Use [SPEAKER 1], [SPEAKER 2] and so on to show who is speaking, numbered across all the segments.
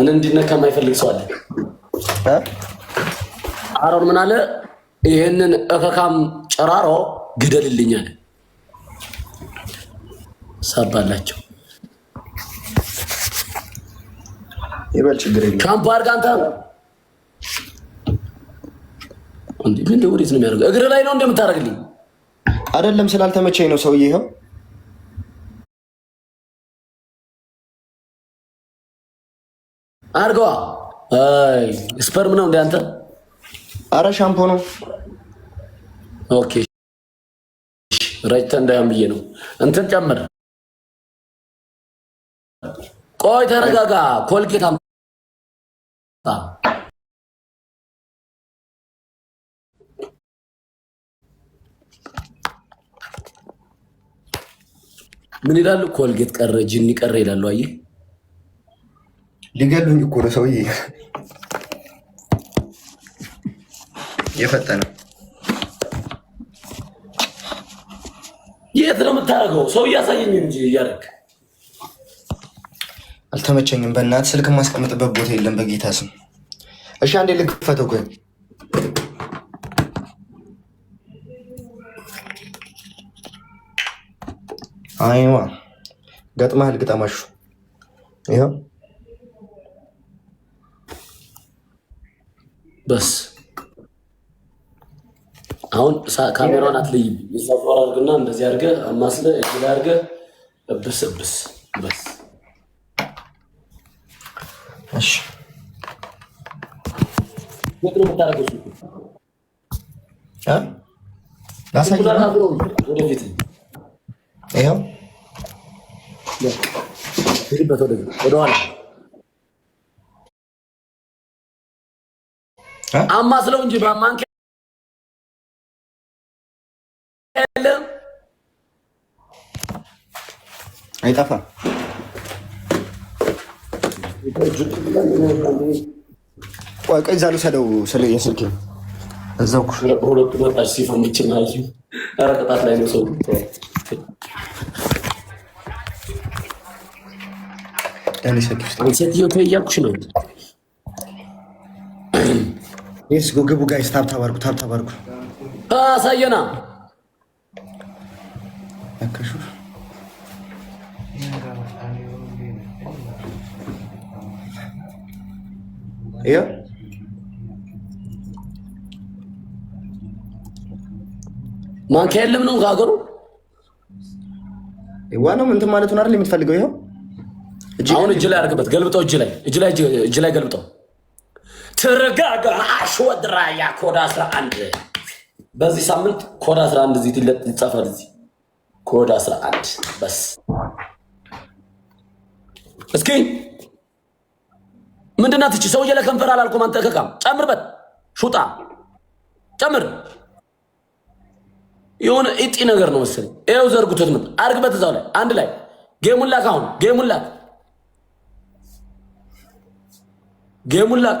[SPEAKER 1] እኔ እንዲነካ የማይፈልግ ሰው አለ። አሮን ምን አለ? ይህንን እከካም ጨራሮ ግደልልኛል። ሳባላቸው
[SPEAKER 2] ይበል፣ ችግር የለም።
[SPEAKER 1] ሻምፖ አድርግ አንተ። እንዴ ምን ነው የሚያደርገው? እግር ላይ ነው እንደምታደርግልኝ
[SPEAKER 2] አይደለም። ስላልተመቸኝ ነው ሰውዬ ይኸው
[SPEAKER 1] አርገዋ ስፐርም ነው እንደ አንተ።
[SPEAKER 2] አረ ሻምፖ ነው።
[SPEAKER 1] ኦኬ ረጭተ እንዳይሆን ብዬ ነው። እንትን ጨምር። ቆይ ተረጋጋ። ኮልጌት አምጣ። ምን ይላሉ? ኮልጌት ቀረ፣ ጅኒ ቀረ ይላሉ። አየህ
[SPEAKER 2] ሊገሉኝ እኮ ነው ሰውዬ
[SPEAKER 1] የፈጠነ የት ነው የምታደርገው? ሰው እያሳየኝ እንጂ እያደረግ
[SPEAKER 2] አልተመቸኝም። በእናት ስልክ ማስቀምጥበት ቦታ የለም። በጌታ ስም እሺ፣ አንዴ ልክፈተው። ግን አይዋ ገጥመሃል፣ ግጠማሹ ይኸው
[SPEAKER 1] በስ አሁን ካሜራውን አትለይም። የሳፋር አድርግና እንደዚህ አድርገህ አማስለ እጅ ላይ አድርገህ እብስ እብስ በስ። እሺ ወጥ ነው የምታደርገው ወደፊት ይኸው ወደኋላ አማስለው እንጂ በማንኪያ የለም
[SPEAKER 2] አይጠፋም። ቆይ እዛ ልውሰደው ስለ የስልክ እዛው
[SPEAKER 1] ሁለቱ መጣች ሲፈም ይችላል። ኧረ ቅጣት ላይ ነው ሰው ሴትዮ ተይ ነው።
[SPEAKER 2] ሌትስ ግቡ ጋይስ፣ ታብታብ አድርጉ፣ ታብታብ አድርጉ።
[SPEAKER 1] አሳየና ማንኪያ የለም ነው ከሀገሩ
[SPEAKER 2] ዋናው እንትን ማለቱን አይደል የምትፈልገው?
[SPEAKER 1] ይኸው አሁን እጅ ላይ አድርግበት፣ ገልብጠው፣ እጅ ላይ እጅ ላይ እጅ ላይ ገልብጠው ትርጋጋ አሽወድራ ያ ኮድ 11 በዚህ ሳምንት ኮድ 11 እዚህ ትለጥ ይጻፋል። እዚህ ኮድ 11 በስ እስኪ ምንድናት እቺ? ሰውዬ ለከንፈር አላልኩም። አንተ ከካም ጨምርበት፣ ሹጣ ጨምር። የሆነ እጢ ነገር ነው መሰለኝ። ይኸው ዘርጉቶት ምን አድርግበት፣ እዛው ላይ አንድ ላይ ጌሙላክ አሁን ጌሙላክ ጌሙላክ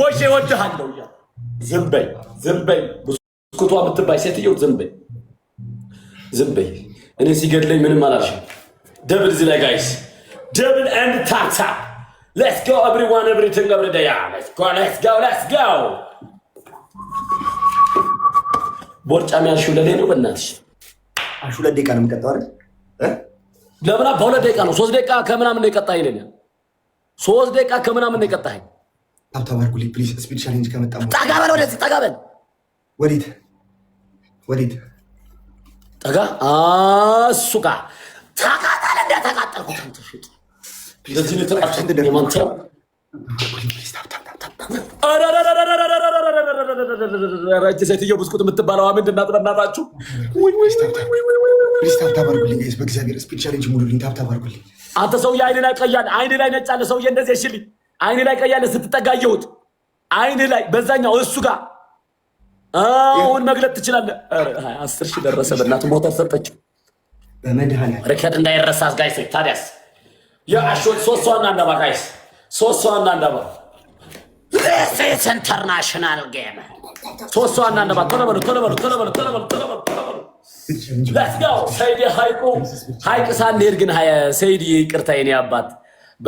[SPEAKER 1] ቦሼ እወድሃለሁ እያለ ዝም በይ ዝም በይ ብስኩቷ የምትባይ ሴትየው ዝም በይ ዝም በይ። እኔ ሲገድለኝ ምንም አላልሽም። ደብል እዚህ ላይ ጋይስ ደብል ኤንድ ታታ ሌትስ ጎ ኤቭሪዋን ኤቭሪቲንግ ኤቭሪ ዴይ ሌትስ ጎ ሌትስ ጎ ሌትስ ጎ። ቦርጫም ያልሽው ለእኔ ነው። በእናትሽ
[SPEAKER 2] አሹ ሁለት ደቂቃ ነው የሚቀጣው አይደል?
[SPEAKER 1] ለምና በሁለት ደቂቃ ነው ሶስት ደቂቃ ከምናምን ነው የቀጣኸኝ ለእኔ ሶስት ደቂቃ ከምናምን ነው የቀጣኸኝ
[SPEAKER 2] ታብታብ አድርጉልኝ ፕሊዝ። ስፒድ ቻሌንጅ ከመጣ
[SPEAKER 1] ጠጋ በል ወደዚህ፣ ጠጋ
[SPEAKER 2] ወዴት? ወዴት?
[SPEAKER 1] ጠጋ እሱ ጋ ታቃጠል። እንደ ተቃጠልኩት
[SPEAKER 2] ሴትዮ ብስኩት የምትባለዋ ምንድን ናት? በእናታችሁ ታብታብ አድርጉልኝ። በእግዚአብሔር ስፒድ ቻሌንጅ ሙሉልኝ። ታብታብ አድርጉልኝ። አንተ ሰውዬ አይን ላይ ቀያን፣ አይን ላይ ነጫለ ሰውዬ እንደዚህ ሽልኝ አይን ላይ ቀያለ ስትጠጋ ስትጠጋየሁት አይን ላይ በዛኛው እሱ ጋር አሁን መግለጥ ትችላለህ። አስር ሺህ ደረሰ። በእናቱ ሞተር ሰጠች። ርከት እንዳይረሳ አስጋይ ጋይስ። ታዲያስ የአሾት ሶስት ሰው እናንዳባ ጋይስ፣ ሶስት ሰው እናንዳባ ስ ኢንተርናሽናል ጌም ሶስት ሰው እናንዳባ። ቶሎ በሉ ቶሎ በሉ ቶሎ በሉ ቶሎ በሉ ቶሎ በሉ ሌትስ ጎ ሰይድ። ሀይቁ ሀይቅ ሳንሄድ ግን ሰይድ ቅርታ የኔ አባት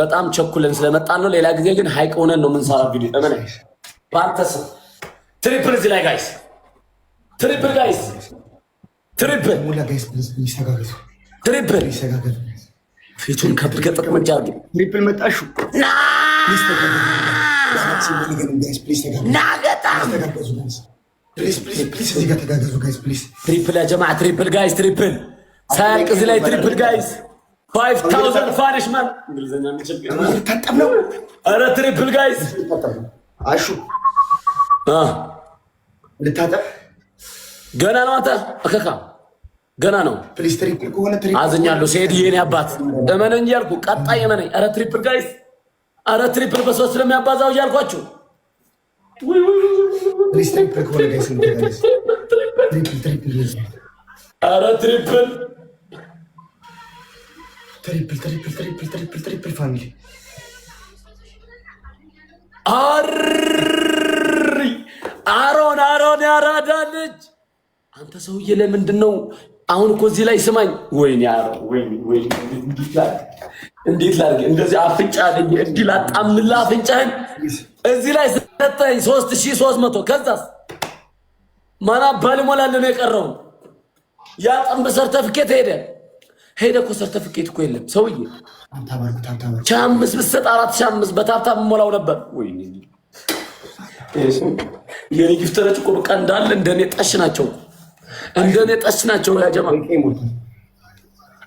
[SPEAKER 2] በጣም ቸኩለን ስለመጣን ነው። ሌላ ጊዜ ግን ሀይቅ ሆነን ነው የምንሰራ ቪዲዮ። ለምን በአንተስ ትሪፕል እዚህ ላይ ጋይስ፣ ትሪፕል ጋይስ፣ ትሪፕል ትሪፕል ፊቱን ከብድ ገጠጥ መጃ ትሪፕል መጣሹ ትሪፕል ያ ጀማ ትሪፕል ጋይስ፣ ትሪፕል ሳያልቅ እዚህ ላይ ትሪፕል ጋይስ ፋይቭ ታውዘንድ ፋሪሽ ማን ነው? ኧረ ትሪፕል ጋይዝ አሹ ልታጠብ ገና ነው። አንተ እከካ ገና ነው። አዝኛለሁ። ሲሄድ የኔ አባት እመነኝ እያልኩ ቀጣይ እመነኝ። ኧረ ትሪፕል ጋይዝ፣ ኧረ ትሪፕል በሶስት ስለሚያባዛው እያልኳችሁ ኧረ ትሪፕል ትሪፕል ትሪፕል ትሪፕል ትሪፕል ትሪፕል ፋሚሊ አሪ አሮን አሮን ያራዳ ልጅ አንተ ሰውዬ ለምንድን ነው አሁን እኮ እዚህ ላይ ስማኝ። ወይኔ አሮን ወይኔ ወይኔ እንዴት ላድርግ? እንደዚህ አፍንጫ እንዲህ አፍንጫህን እዚህ ላይ ሰጠኝ። ሶስት ሺህ ሶስት መቶ ከዛስ ማን አባል የቀረውን ያ ጠንብ ሰርተፍኬት ሄደ እኮ ሰርተፍኬት እኮ የለም ሰውዬ። ሺህ አምስት ብትሰጥ አራት ሺህ አምስት በታብታብ ሞላው ነበር። የኔ ጊፍተሮች እኮ በቃ እንዳለ እንደኔ ጠሽ ናቸው፣ እንደኔ ጠሽ ናቸው። ያጀማ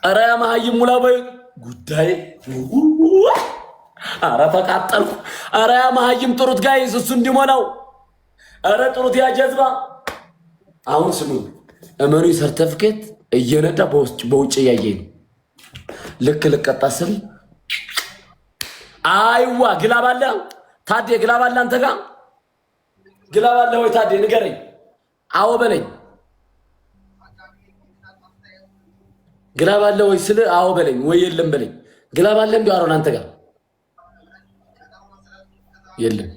[SPEAKER 2] ኧረ ያመሀይም ሙላ በይ ጉዳይ አረ ተቃጠልኩ። አረ ያመሀይም ጥሩት ጋይዝ እሱ እንዲሞላው አረ ጥሩት ያጀዝባ አሁን ስሙ እመኑ ሰርተፍኬት እየነዳ በውጭ እያየኝ ነው። ልክ ልቀጣ ስል አይዋ ግላብ አለ ታዴ፣ ግላብ አለ አንተ ጋር ግላብ አለ ወይ ታዴ? ንገረኝ። አዎ በለኝ። ግላብ አለ ወይ ስል አዎ በለኝ ወይ የለም በለኝ። ግላብ አለ እንዲ አሮን አንተ ጋር የለም።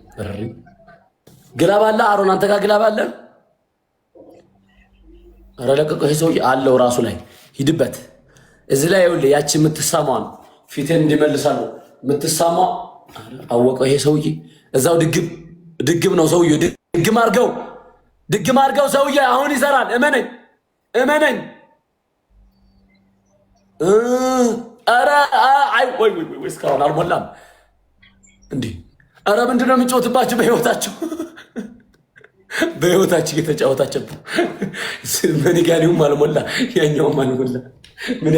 [SPEAKER 2] ግላብ አለ አሮን አንተ ጋር ግላብ አለ ኧረ ለቀቀው። ይሄ ሰውዬ አለው ራሱ ላይ ሂድበት። እዚህ ላይ ይኸውልህ፣ ያቺ የምትሰማን ፊትን እንዲመልሳሉ የምትሰማ አወቀው። ይሄ ሰውዬ እዛው ድግም ድግም ነው ሰውዬ። ድግም አድርገው፣ ድግም አርገው ድግም አርገው ሰውዬ አሁን ይሰራል። እመነኝ፣ እመነኝ። ኧረ አይ ወይ ወይ እስካሁን አልሞላም እንዴ? ኧረ ምንድነው ነው በህይወታቸው በህይወታችን የተጫወታቸው በኔጋሊውም አልሞላ ያኛውም አልሞላ። ምን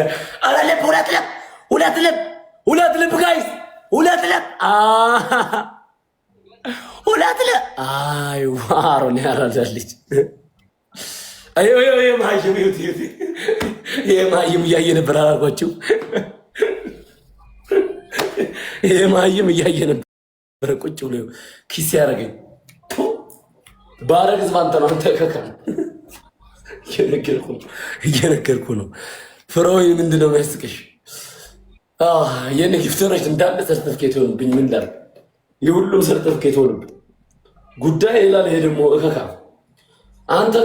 [SPEAKER 2] አረ ልብ ሁለት ልብ ሁለት ልብ ሁለት ልብ ጋይስ ሁለት ልብ ሁለት ልብ አይ ዋሮን ያራዳልች ማይም ይህ ማይም እያየ ነበር አላልኳቸው? ይህ ማይም እያየ ነበር ቁጭ ብሎ ኪስ ያደረገኝ ባረግዝ ባንተ ነው። ተከካ እየነገርኩ ነው። ፍራዊ ምንድነው የሚያስቅሽ? የኔ ጊፍተሮች እንዳለ ሰርተፍኬት የሆኑብኝ ምን ላድርግ? የሁሉም ሰርተፍኬት ሆኑብኝ። ጉዳይ ሌላ። ይሄ ደግሞ እከካ አንተ